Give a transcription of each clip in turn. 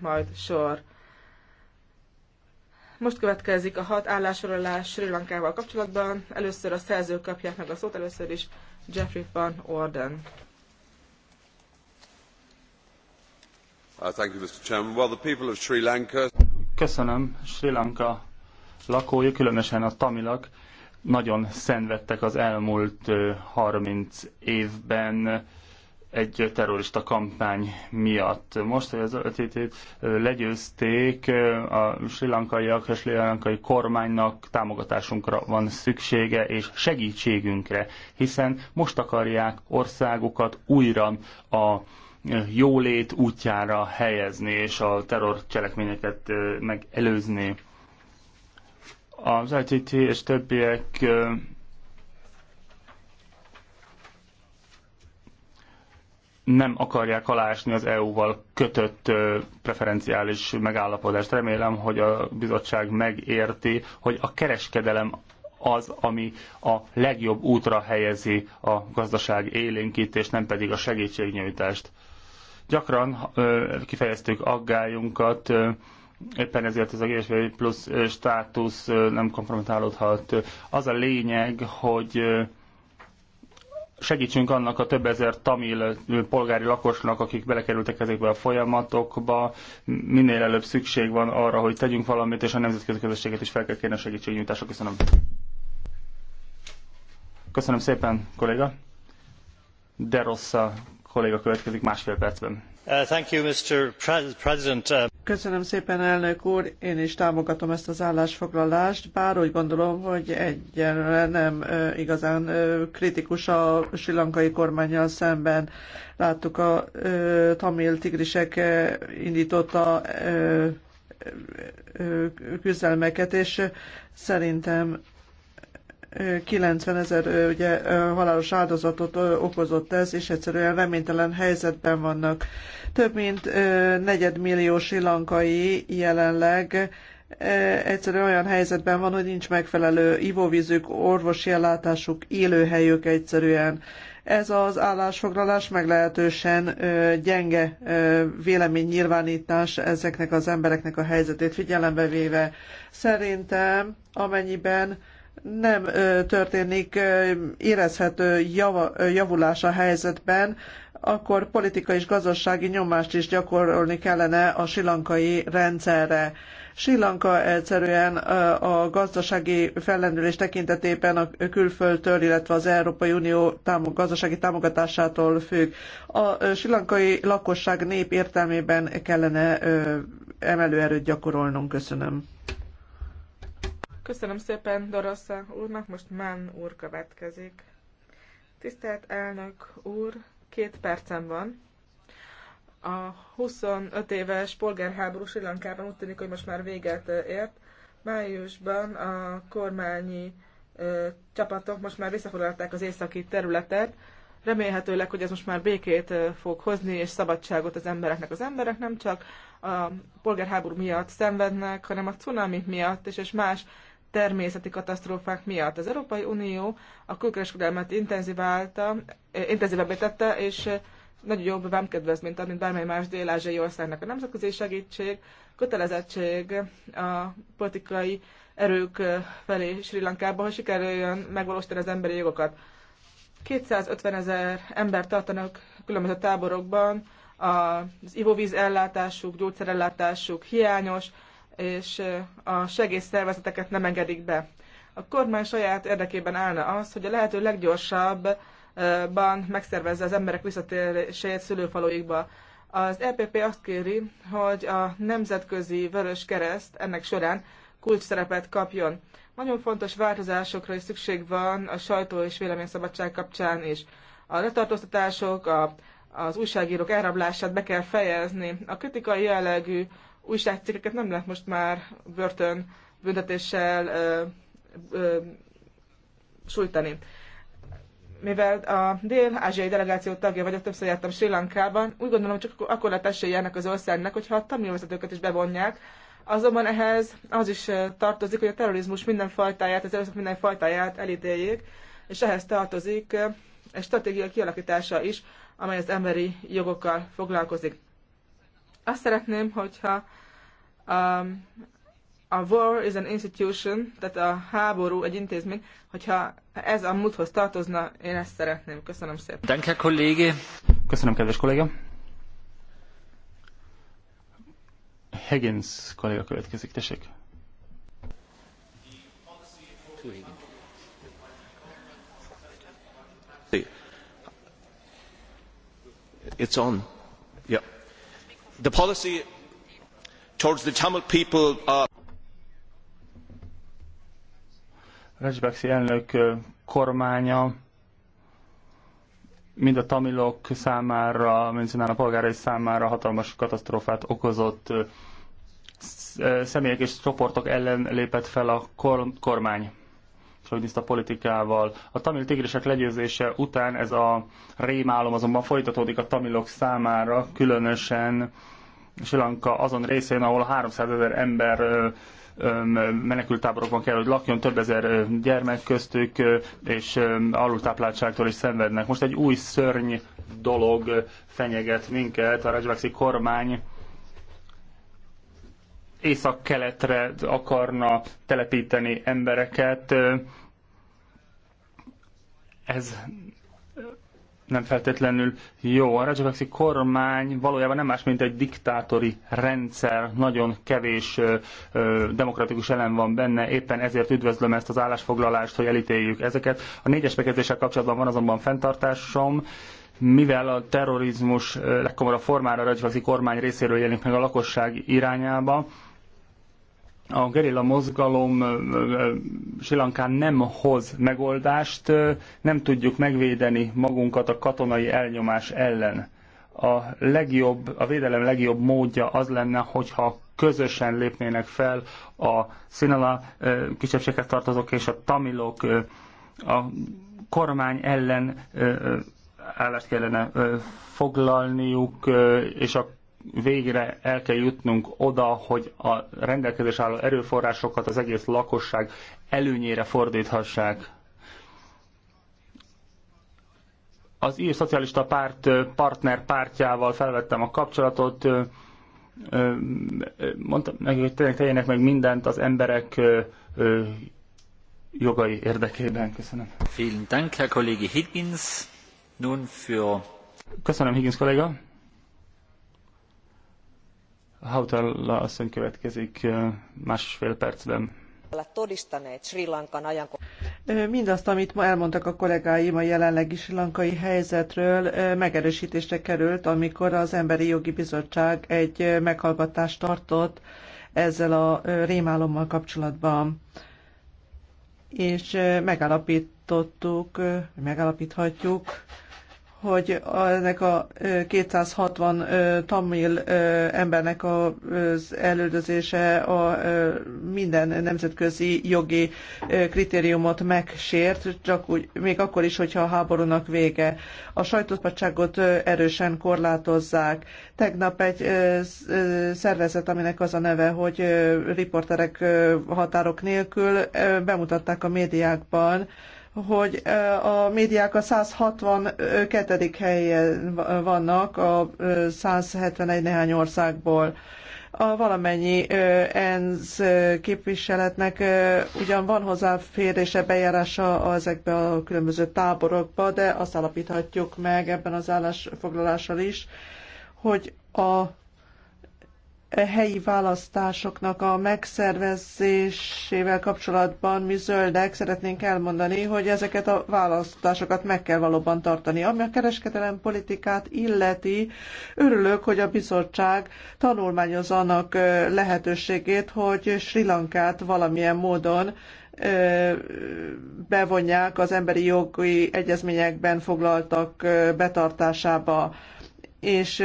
majd sor. Most következik a hat állásorolás Sri Lankával kapcsolatban. Először a szerzők kapják meg a szót, először is Jeffrey Van Orden. Uh, Köszönöm. Sri Lanka lakói, különösen a tamilak, nagyon szenvedtek az elmúlt 30 uh, évben egy terrorista kampány miatt. Most, hogy az ötétét legyőzték, a sri lankaiak és sri lankai kormánynak támogatásunkra van szüksége és segítségünkre, hiszen most akarják országukat újra a jólét útjára helyezni és a terrorcselekményeket megelőzni. Az LTT és többiek nem akarják aláásni az EU-val kötött preferenciális megállapodást. Remélem, hogy a bizottság megérti, hogy a kereskedelem az, ami a legjobb útra helyezi a gazdaság élénkítést, nem pedig a segítségnyújtást. Gyakran kifejeztük aggályunkat, éppen ezért ez a GSP plusz státusz nem kompromitálódhat. Az a lényeg, hogy segítsünk annak a több ezer tamil polgári lakosnak, akik belekerültek ezekbe a folyamatokba. Minél előbb szükség van arra, hogy tegyünk valamit, és a nemzetközi közösséget is fel kell kérni a segítségnyújtásra. Köszönöm. Köszönöm szépen, kolléga. De rossz a kolléga következik másfél percben. Uh, uh, Köszönöm szépen, elnök úr! Én is támogatom ezt az állásfoglalást, bár úgy gondolom, hogy egyenlőre nem igazán kritikus a silankai kormányjal szemben. Láttuk a tamil tigrisek indította küzdelmeket, és szerintem 90 ezer ugye, halálos áldozatot okozott ez, és egyszerűen reménytelen helyzetben vannak. Több mint negyedmillió silankai jelenleg egyszerűen olyan helyzetben van, hogy nincs megfelelő ivóvízük, orvosi ellátásuk, élőhelyük egyszerűen. Ez az állásfoglalás meglehetősen gyenge véleménynyilvánítás ezeknek az embereknek a helyzetét figyelembe véve. Szerintem amennyiben nem történik érezhető javulás a helyzetben, akkor politikai és gazdasági nyomást is gyakorolni kellene a silankai rendszerre. Silanka egyszerűen a gazdasági fellendülés tekintetében a külföldtől, illetve az Európai Unió gazdasági támogatásától függ. A silankai lakosság nép értelmében kellene emelőerőt gyakorolnunk. Köszönöm. Köszönöm szépen Dorosza úrnak, most Mann úr következik. Tisztelt elnök úr, két percem van. A 25 éves polgárháború Sri Lankában úgy tűnik, hogy most már véget ért. Májusban a kormányi ö, csapatok most már visszafoglalták az északi területet. Remélhetőleg, hogy ez most már békét fog hozni, és szabadságot az embereknek. Az emberek nem csak a polgárháború miatt szenvednek, hanem a cunami miatt és, és más természeti katasztrófák miatt. Az Európai Unió a külkereskedelmet intenzíválta, eh, intenzívebbé tette, és eh, nagyon jobb vámkedvez, mint, mint bármely más dél-ázsiai országnak. A nemzetközi segítség, kötelezettség a politikai erők eh, felé Sri Lankában, hogy sikerüljön megvalósítani az emberi jogokat. 250 ezer ember tartanak különböző táborokban, az ivóvíz ellátásuk, gyógyszerellátásuk hiányos, és a segélyszervezeteket nem engedik be. A kormány saját érdekében állna az, hogy a lehető leggyorsabban megszervezze az emberek visszatérését szülőfalóikba. Az EPP azt kéri, hogy a Nemzetközi Vörös Kereszt ennek során kulcs szerepet kapjon. Nagyon fontos változásokra is szükség van a sajtó és véleményszabadság kapcsán is. A letartóztatások, a, az újságírók elrablását be kell fejezni, a kritikai jellegű újságcikkeket nem lehet most már börtön büntetéssel ö, ö, sújtani. Mivel a dél-ázsiai delegáció tagja vagyok, többször jártam Sri Lankában, úgy gondolom, hogy csak akkor lett esélye ennek az országnak, hogyha a tamil vezetőket is bevonják, Azonban ehhez az is tartozik, hogy a terrorizmus minden fajtáját, az erőszak minden fajtáját elítéljék, és ehhez tartozik egy stratégia kialakítása is, amely az emberi jogokkal foglalkozik. Azt szeretném, hogyha um, a war is an institution, tehát a háború egy intézmény, hogyha ez a múlthoz tartozna, én ezt szeretném. Köszönöm szépen. Danke, kollégé. Köszönöm, kedves kolléga. Higgins kolléga következik, tessék. It's on. Yeah the policy towards the Tamil people of uh, Rajbaksi elnök uh, kormánya mind a tamilok számára, mind a polgárai számára hatalmas katasztrófát okozott uh, személyek és csoportok ellen lépett fel a kormány a politikával. A tamil tigrisek legyőzése után ez a rémálom azonban folytatódik a tamilok számára, különösen Sri Lanka azon részén, ahol 300 ezer ember menekültáborokban kell, hogy lakjon, több ezer gyermek köztük, és alultápláltságtól is szenvednek. Most egy új szörny dolog fenyeget minket, a Rajvaxi kormány észak-keletre akarna telepíteni embereket, ez nem feltétlenül jó. A Rajavaksi kormány valójában nem más, mint egy diktátori rendszer, nagyon kevés ö, ö, demokratikus elem van benne, éppen ezért üdvözlöm ezt az állásfoglalást, hogy elítéljük ezeket. A négyes bekezdéssel kapcsolatban van azonban fenntartásom, mivel a terrorizmus legkomorabb formára a Rajavaksi kormány részéről jelenik meg a lakosság irányába, a gerilla mozgalom Lankán nem hoz megoldást, nem tudjuk megvédeni magunkat a katonai elnyomás ellen. A, legjobb, a védelem legjobb módja az lenne, hogyha közösen lépnének fel a Sinala kisebbséghez tartozók és a tamilok a kormány ellen állást kellene foglalniuk, és a végre el kell jutnunk oda, hogy a rendelkezés álló erőforrásokat az egész lakosság előnyére fordíthassák. Az ír szocialista párt partner pártjával felvettem a kapcsolatot, mondtam neki, hogy tegyenek meg mindent az emberek jogai érdekében. Köszönöm. Vielen Dank, Herr Kollege Higgins. Nun für... Köszönöm, Higgins kollega. Hautala asszony következik másfél percben. Mindazt, amit ma elmondtak a kollégáim a jelenlegi Sri Lankai helyzetről, megerősítésre került, amikor az Emberi Jogi Bizottság egy meghallgatást tartott ezzel a rémálommal kapcsolatban. És megállapítottuk, megállapíthatjuk, hogy ennek a 260 tamil embernek az elődözése a minden nemzetközi jogi kritériumot megsért, csak úgy, még akkor is, hogyha a háborúnak vége. A sajtószabadságot erősen korlátozzák. Tegnap egy szervezet, aminek az a neve, hogy riporterek határok nélkül bemutatták a médiákban, hogy a médiák a 162. helyen vannak a 171 néhány országból. A valamennyi ENSZ képviseletnek ugyan van hozzáférése, bejárása ezekbe a különböző táborokba, de azt állapíthatjuk meg ebben az állásfoglalással is, hogy a helyi választásoknak a megszervezésével kapcsolatban mi zöldek szeretnénk elmondani, hogy ezeket a választásokat meg kell valóban tartani. Ami a kereskedelem politikát illeti, örülök, hogy a bizottság tanulmányoz annak lehetőségét, hogy Sri Lankát valamilyen módon bevonják az emberi jogi egyezményekben foglaltak betartásába. És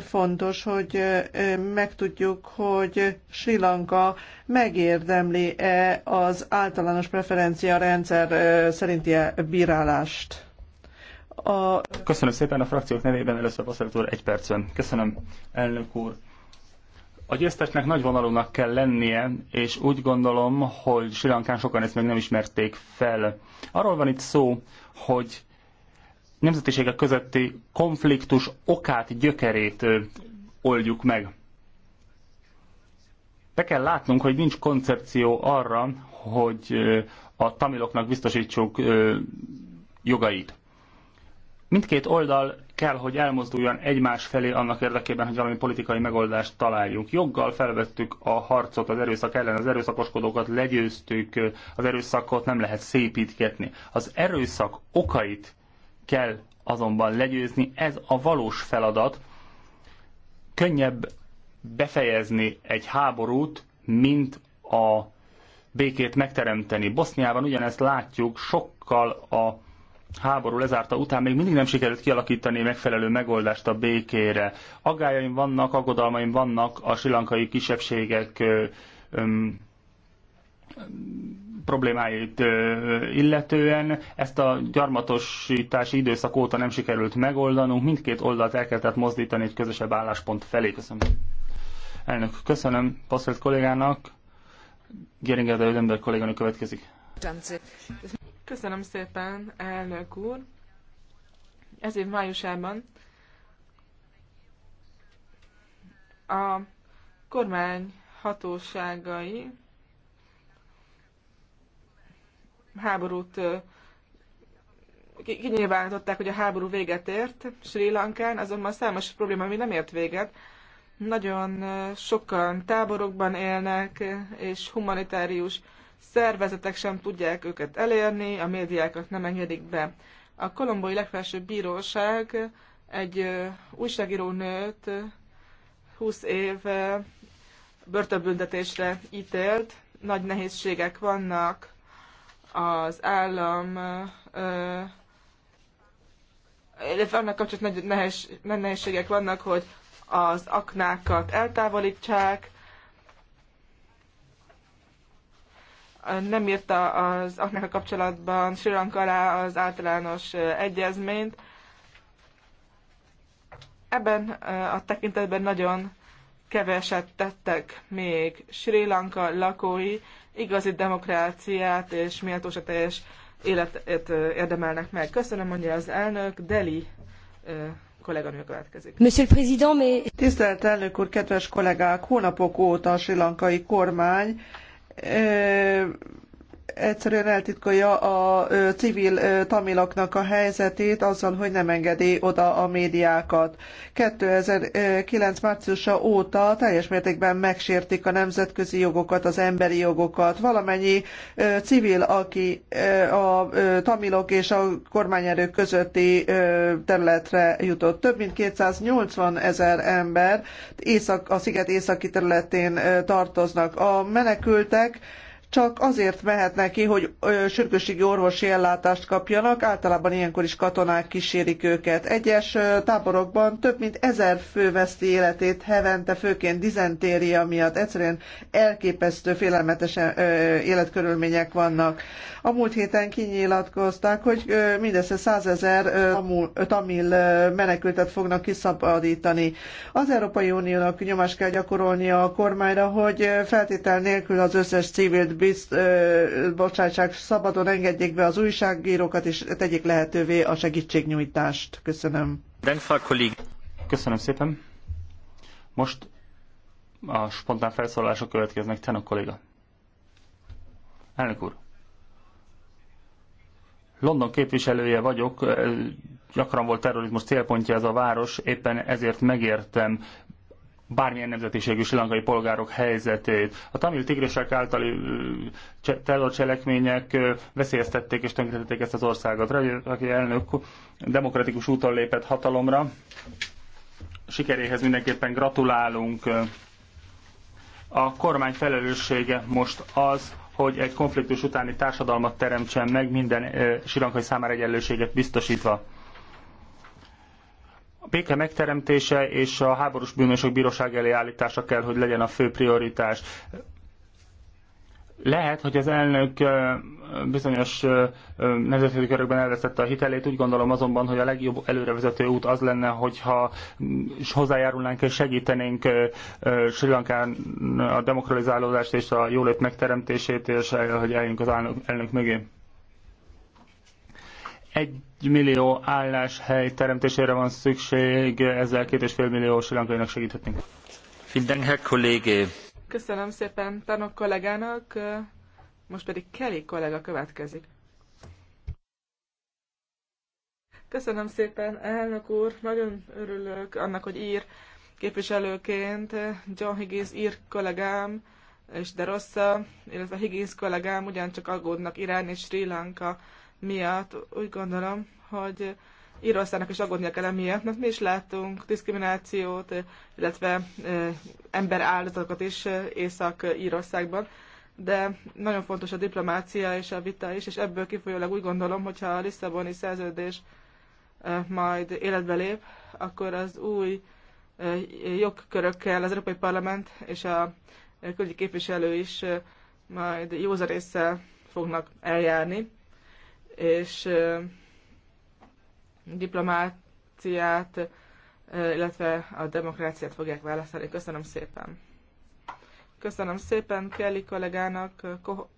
fontos, hogy megtudjuk, hogy Sri Lanka megérdemli-e az általános preferencia rendszer szerinti -e bírálást. A... Köszönöm szépen a frakciók nevében, először a úr, egy percben. Köszönöm, elnök úr. A győztesnek nagy vonalúnak kell lennie, és úgy gondolom, hogy Sri Lankán sokan ezt még nem ismerték fel. Arról van itt szó, hogy nemzetiségek közötti konfliktus okát, gyökerét oldjuk meg. Be kell látnunk, hogy nincs koncepció arra, hogy a tamiloknak biztosítsuk jogait. Mindkét oldal kell, hogy elmozduljon egymás felé annak érdekében, hogy valami politikai megoldást találjunk. Joggal felvettük a harcot az erőszak ellen, az erőszakoskodókat legyőztük, az erőszakot nem lehet szépítgetni. Az erőszak okait kell azonban legyőzni, ez a valós feladat. Könnyebb befejezni egy háborút, mint a békét megteremteni. Boszniában ugyanezt látjuk, sokkal a háború lezárta után még mindig nem sikerült kialakítani megfelelő megoldást a békére. Aggájaim vannak, aggodalmaim vannak a silankai kisebbségek problémáit illetően. Ezt a gyarmatosítási időszak óta nem sikerült megoldanunk. Mindkét oldalt el kellett mozdítani egy közösebb álláspont felé. Köszönöm. Elnök, köszönöm Passzert kollégának. Geringer de Ödember kolléganő következik. Köszönöm szépen, elnök úr. Ez év májusában a kormány hatóságai háborút kinyilvánították, hogy a háború véget ért Sri Lankán, azonban számos probléma még nem ért véget. Nagyon sokan táborokban élnek, és humanitárius szervezetek sem tudják őket elérni, a médiákat nem engedik be. A kolombai legfelsőbb bíróság egy újságíró nőt 20 év börtönbüntetésre ítélt, nagy nehézségek vannak az állam, illetve annak kapcsolatban nagy, nehéz, nagy nehézségek vannak, hogy az aknákat eltávolítsák, nem írta az aknák kapcsolatban Sri Lanka alá az általános egyezményt. Ebben a tekintetben nagyon keveset tettek még Sri Lanka lakói, igazi demokráciát és méltóság teljes életet érdemelnek meg. Köszönöm, mondja az elnök. Deli kolléganő következik. Monsieur le Président, mais... Tisztelt elnök úr, kedves kollégák! Hónapok óta a silankai kormány egyszerűen eltitkolja a civil tamiloknak a helyzetét azzal, hogy nem engedi oda a médiákat. 2009. márciusa óta teljes mértékben megsértik a nemzetközi jogokat, az emberi jogokat. Valamennyi civil, aki a tamilok és a kormányerők közötti területre jutott. Több mint 280 ezer ember észak, a sziget északi területén tartoznak. A menekültek csak azért mehetnek ki, hogy sürgőségi orvosi ellátást kapjanak, általában ilyenkor is katonák kísérik őket. Egyes táborokban több mint ezer fő veszti életét hevente, főként dizentéria miatt. Egyszerűen elképesztő, félelmetes életkörülmények vannak. A múlt héten kinyilatkozták, hogy mindössze százezer tamil menekültet fognak kiszabadítani. Az Európai Uniónak nyomást kell gyakorolnia a kormányra, hogy feltétel nélkül az összes civilt bizt, ö, bocsássák, szabadon engedjék be az újságírókat, és tegyék lehetővé a segítségnyújtást. Köszönöm. Köszönöm szépen. Most a spontán felszólalások következnek. a kolléga. Elnök úr. London képviselője vagyok, gyakran volt terrorizmus célpontja ez a város, éppen ezért megértem bármilyen nemzetiségű silangai polgárok helyzetét. A tamil tigrisek általi terrorcselekmények veszélyeztették és tönkretették ezt az országot. Aki elnök demokratikus úton lépett hatalomra. Sikeréhez mindenképpen gratulálunk. A kormány felelőssége most az, hogy egy konfliktus utáni társadalmat teremtsen meg, minden silankai számára egyenlőséget biztosítva a béke megteremtése és a háborús bűnösök bíróság elé állítása kell, hogy legyen a fő prioritás. Lehet, hogy az elnök bizonyos nemzetközi körökben elvesztette a hitelét, úgy gondolom azonban, hogy a legjobb előrevezető út az lenne, hogyha hozzájárulnánk és segítenénk Sri Lankán a demokratizálódást és a jólét megteremtését, és hogy eljünk az elnök, elnök mögé. Egy millió álláshely teremtésére van szükség, ezzel két és fél millió silankainak segíthetnénk. Köszönöm szépen tanok kollégának, most pedig Kelly kollega következik. Köszönöm szépen, elnök úr, nagyon örülök annak, hogy ír képviselőként John Higgins ír kollégám, és de rossz, illetve Higgins kollégám ugyancsak aggódnak Irán és Sri Lanka miatt úgy gondolom, hogy Írországnak is aggódnia kell emiatt, mert mi is láttunk diszkriminációt, illetve emberáldozatokat is Észak-Írországban, de nagyon fontos a diplomácia és a vita is, és ebből kifolyólag úgy gondolom, hogyha a Lisszaboni szerződés majd életbe lép, akkor az új jogkörökkel az Európai Parlament és a külügyi képviselő is majd józarésszel fognak eljárni és diplomáciát, illetve a demokráciát fogják választani. Köszönöm szépen! Köszönöm szépen Kelly kollégának,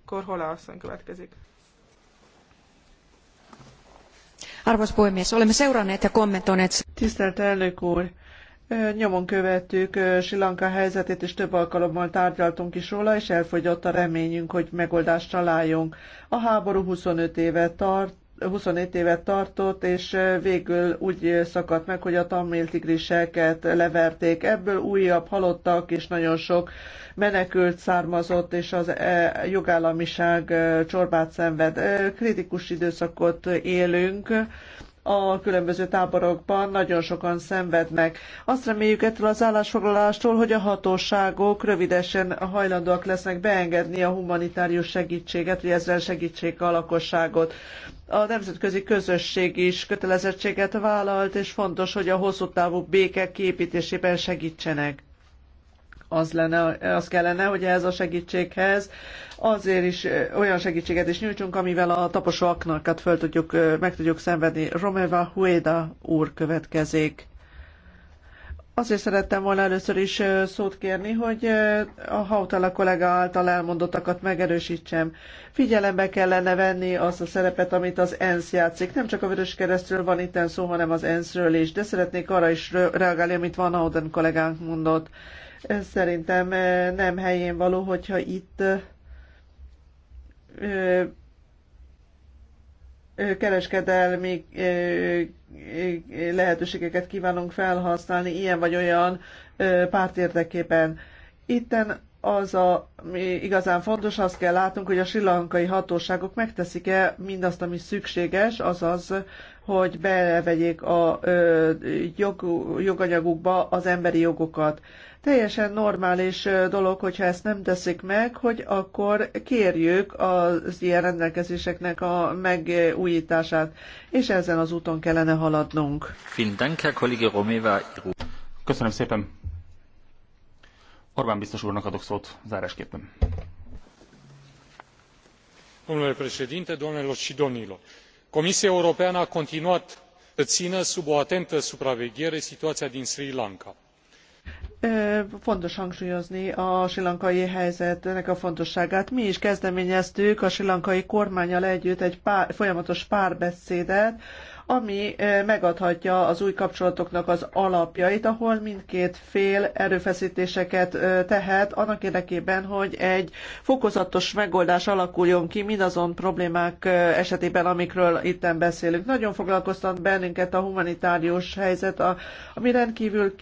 Korhola asszony következik. Arvoisa puhemies, olemme seuranneet ja kommentoineet. Tisztelt elnök úr! Nyomon követtük Sri Lanka helyzetét, és több alkalommal tárgyaltunk is róla, és elfogyott a reményünk, hogy megoldást találjunk. A háború 25 éve tart, 25 évet tartott, és végül úgy szakadt meg, hogy a tamil tigriseket leverték. Ebből újabb halottak, és nagyon sok menekült származott, és az e, jogállamiság csorbát szenved. Kritikus időszakot élünk, a különböző táborokban nagyon sokan szenvednek. Azt reméljük ettől az állásfoglalástól, hogy a hatóságok rövidesen hajlandóak lesznek beengedni a humanitárius segítséget, hogy ezzel segítsék a lakosságot. A nemzetközi közösség is kötelezettséget vállalt, és fontos, hogy a hosszú távú béke képítésében segítsenek az, lenne, az kellene, hogy ez a segítséghez azért is olyan segítséget is nyújtsunk, amivel a aknakat föl tudjuk, meg tudjuk szenvedni. Romeva Hueda úr következik. Azért szerettem volna először is szót kérni, hogy a Hautala kollega által elmondottakat megerősítsem. Figyelembe kellene venni azt a szerepet, amit az ENSZ játszik. Nem csak a Vörös Keresztről van itt szó, hanem az ENSZ-ről is, de szeretnék arra is reagálni, amit Van Auden kollégánk mondott. Ez szerintem nem helyén való, hogyha itt kereskedelmi lehetőségeket kívánunk felhasználni ilyen vagy olyan párt érdekében. Itten az, a, ami igazán fontos, azt kell látnunk, hogy a silankai hatóságok megteszik-e mindazt, ami szükséges, azaz, hogy belevegyék a ö, jog, joganyagukba az emberi jogokat. Teljesen normális dolog, hogyha ezt nem teszik meg, hogy akkor kérjük az ilyen rendelkezéseknek a megújítását, és ezen az úton kellene haladnunk. Köszönöm szépen! Orbán biztos úrnak adok szót zárásképpen. Domnule președinte, domnilor și domnilor, Comisia Europeană a continuat să țină sub o atentă supraveghere situația din Sri Lanka. Fontos hangsúlyozni a silankai helyzetnek a fontosságát. Mi is kezdeményeztük a silankai kormányal együtt egy pár, folyamatos párbeszédet, ami megadhatja az új kapcsolatoknak az alapjait, ahol mindkét fél erőfeszítéseket tehet annak érdekében, hogy egy fokozatos megoldás alakuljon ki mindazon problémák esetében, amikről itten beszélünk. Nagyon foglalkoztat bennünket a humanitárius helyzet, ami rendkívül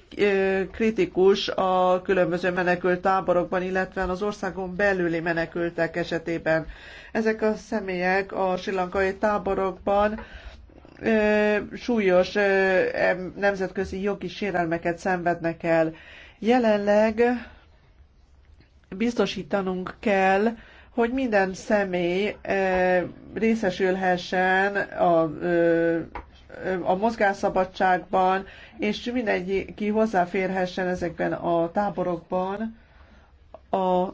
kritikus a különböző menekült táborokban, illetve az országon belüli menekültek esetében. Ezek a személyek a silankai táborokban súlyos nemzetközi jogi sérelmeket szenvednek el. Jelenleg biztosítanunk kell, hogy minden személy részesülhessen a a mozgásszabadságban, és mindenki hozzáférhessen ezekben a táborokban a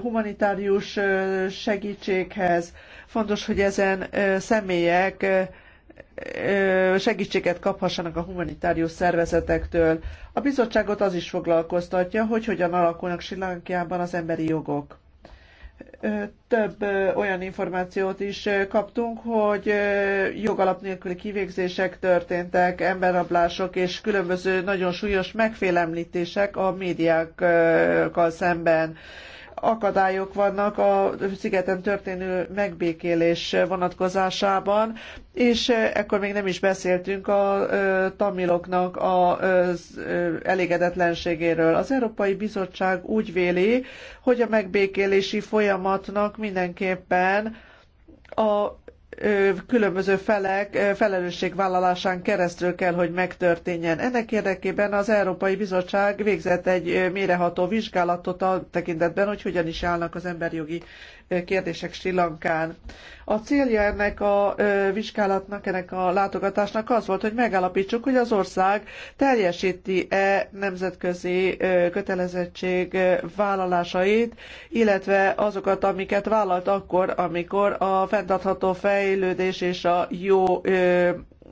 humanitárius segítséghez. Fontos, hogy ezen személyek segítséget kaphassanak a humanitárius szervezetektől. A bizottságot az is foglalkoztatja, hogy hogyan alakulnak Sri Lankában az emberi jogok több olyan információt is kaptunk, hogy jogalap nélküli kivégzések történtek, emberrablások és különböző nagyon súlyos megfélemlítések a médiákkal szemben akadályok vannak a szigeten történő megbékélés vonatkozásában, és ekkor még nem is beszéltünk a tamiloknak az elégedetlenségéről. Az Európai Bizottság úgy véli, hogy a megbékélési folyamatnak mindenképpen a különböző felek felelősségvállalásán keresztül kell, hogy megtörténjen. Ennek érdekében az Európai Bizottság végzett egy méreható vizsgálatot a tekintetben, hogy hogyan is állnak az emberi jogi kérdések Sri Lankán. A célja ennek a vizsgálatnak, ennek a látogatásnak az volt, hogy megállapítsuk, hogy az ország teljesíti-e nemzetközi kötelezettség vállalásait, illetve azokat, amiket vállalt akkor, amikor a fenntartható fejlődés és a jó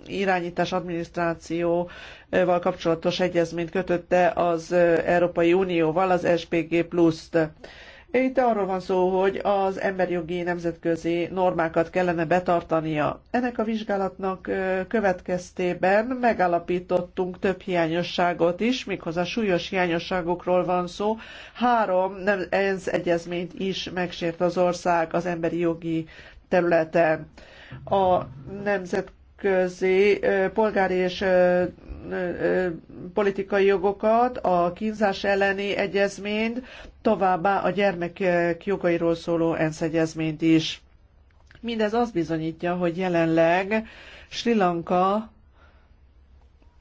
irányítás adminisztrációval kapcsolatos egyezményt kötötte az Európai Unióval, az SPG Plus-t. Itt arról van szó, hogy az emberi jogi nemzetközi normákat kellene betartania. Ennek a vizsgálatnak következtében megállapítottunk több hiányosságot is, méghozzá súlyos hiányosságokról van szó. Három nem, ENSZ egyezményt is megsért az ország az emberi jogi területen. A nemzetközi polgári és politikai jogokat, a kínzás elleni egyezményt, továbbá a gyermekek jogairól szóló ENSZ egyezményt is. Mindez azt bizonyítja, hogy jelenleg Sri Lanka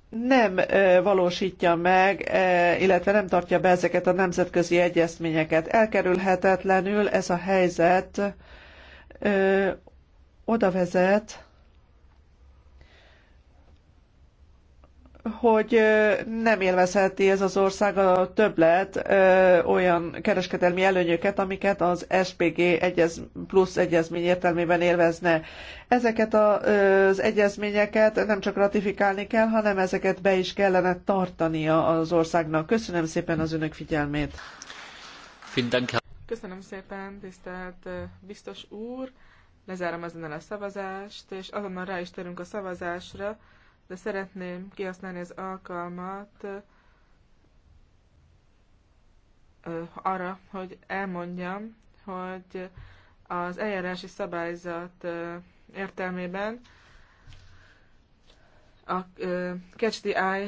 nem valósítja meg, illetve nem tartja be ezeket a nemzetközi egyezményeket. Elkerülhetetlenül ez a helyzet oda vezet, hogy nem élvezheti ez az ország a többlet olyan kereskedelmi előnyöket, amiket az SPG egyez, plusz egyezmény értelmében élvezne. Ezeket az egyezményeket nem csak ratifikálni kell, hanem ezeket be is kellene tartania az országnak. Köszönöm szépen az önök figyelmét. Köszönöm szépen, tisztelt biztos úr. Lezárom ezen a szavazást, és azonnal rá is térünk a szavazásra de szeretném kihasználni az alkalmat arra, hogy elmondjam, hogy az eljárási szabályzat értelmében a Catch the Eye